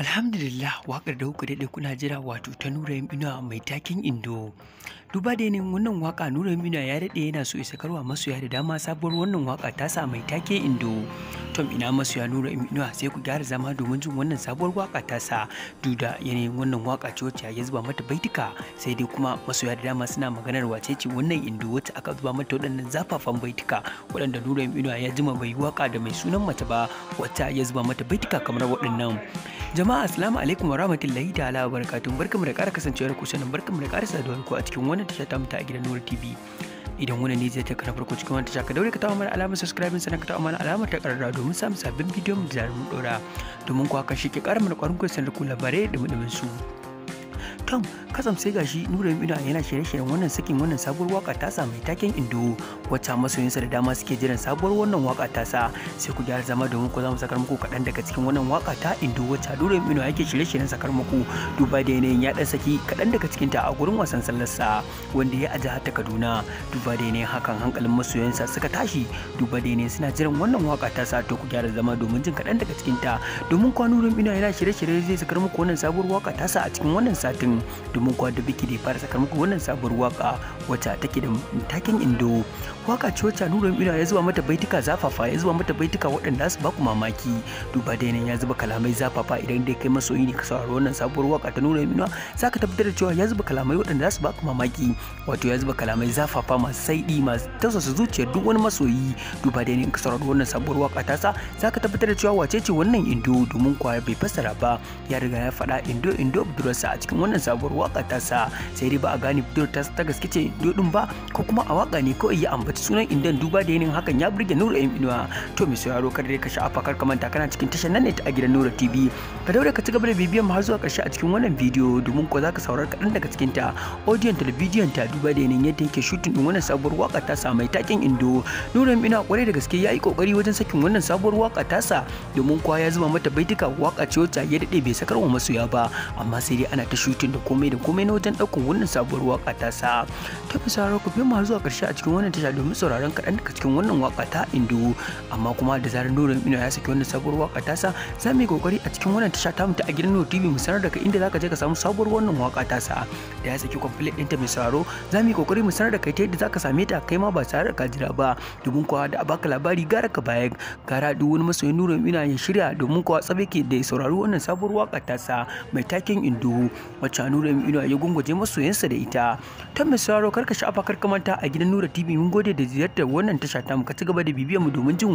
Alhamdulillah wakar da kuka daɗe kuna jira wato ta Nura Yamina mai takin Indo. Duba da yanayin wannan waka Nura Yamina ya daɗe yana so isa karwa masoya da dama sabuwar wannan waka ta sa mai take Indo. tom ina masu ya nura imina sai ku gyara zama domin jin wannan sabuwar waka ta sa duda yanayin wannan waka ce wacce ya zuba mata baitika sai dai kuma masoya da dama suna maganar wace ce wannan indo wacce aka zuba mata waɗannan zafafan baitika waɗanda nura imina ya jima bai waka da mai sunan mace ba wacce ya zuba mata baituka kamar waɗannan jama'a assalamu alaikum wa rahmatullahi ta wa barakatun barkamu da ƙara kasancewar kusa sanin barkamu da ƙara saduwar ku a cikin wannan tasha ta a ta gidan nura tv idan wani ne zai taka na farko cikin wani tasha wuri daure ka taɓa mana alamar subscribing sannan ka taɓa mana alamar ta karara domin samun sabbin bidiyon mu da zarar mu domin kuwa ka shi ke ƙara mana sanar ku labarai da mu su. kam kasam sai gashi nura ido yana shirye-shiryen wannan sakin wannan sabuwar waka tasa mai taken indo wacce masoyinsa da dama suke jiran sabuwar wannan waka tasa sai ku gyara zama domin ku za mu sakar muku kaɗan daga cikin wannan waka ta indo wacce nura ido yake shirye-shiryen sakar muku duba da yanayin ya ɗan saki kaɗan daga cikin ta a gurin wasan sallarsa wanda ya aji ta kaduna duba da yanayin hakan hankalin masoyansa suka tashi duba da yanayin suna jiran wannan waka tasa to ku gyara zama domin jin kaɗan daga cikin ta domin kwanurin ina yana shirye-shirye zai sakar muku wannan sabuwar waka tasa a cikin wannan satin domin kuwa da biki da fara sakar muku wannan sabuwar waka wacce take da takin indo waka ce wacce nura ila ya zuba mata baituka zafafa ya zuba mata baituka waɗanda su baku mamaki duba da yanayin ya zuba kalamai zafafa idan dai kai masoyi ne ka saurari wannan sabuwar waka ta nura ila za ka tabbatar da cewa ya zuba kalamai waɗanda su baku mamaki wato ya zuba kalamai zafafa masu saidi masu tausasa zuciyar duk wani masoyi duba da yanayin ka saurari wannan sabuwar waka ta sa za ka tabbatar da cewa wace ce wannan indo domin kwa bai fassara ba ya riga ya faɗa indo indo budurarsa a cikin wannan sabuwar waka ta sa sai dai ba a gane fitowar ta ta gaske ce dodin ba ko kuma a waka ne kawai ya ambaci sunan indan duba da yanin hakan ya burge nura yan inuwa to mai sauraro kar dai ka sha afakar ka manta kana cikin tashar nan ne ta a gidan nura tv ka daure ka ci gaba da bibiyan mu har zuwa karshe a cikin wannan bidiyo domin ko zaka saurar kaɗan daga cikin ta audio television ta duba da yanayin yadda yake shooting din wannan sabuwar waka ta sa mai takin indo nura yan inuwa kwarai da gaske ya yi kokari wajen sakin wannan sabuwar waka tasa domin kwa ya zuba mata baitika waka ce wacce ya dade bai sakar wa masoya ba amma sai dai ana ta shooting da komai da komai na wajen ɗaukan wannan sabuwar waka ta sa ta fi sa ku fi zuwa ƙarshe a cikin wannan tasha domin sauraron kaɗan daga cikin wannan waka ta indo amma kuma da zarar nuna ina ya saki wannan sabuwar waka ta sa za mu yi kokari a cikin wannan tasha ta mutu a gidan nuna tv mu sanar daga inda zaka je ka samu sabuwar wannan waka ta sa da ya saki complete ɗinta mai sauraro za mu yi kokari mu sanar da kai ta yadda zaka same ta kai ma ba tare da ka jira ba domin kuwa da a baka labari gara ka baya gara duk wani masoyin nuna ina ya shirya domin kuwa tsabe ke da sauraro wannan sabuwar waka ta sa mai taken indo wacce ta nura min ya gungwaje masoyansa da ita ta mai karka sha'afa karka a gidan nura tv mun gode da ziyartar wannan tasha ta mu ka ci gaba da bibiyar mu domin jin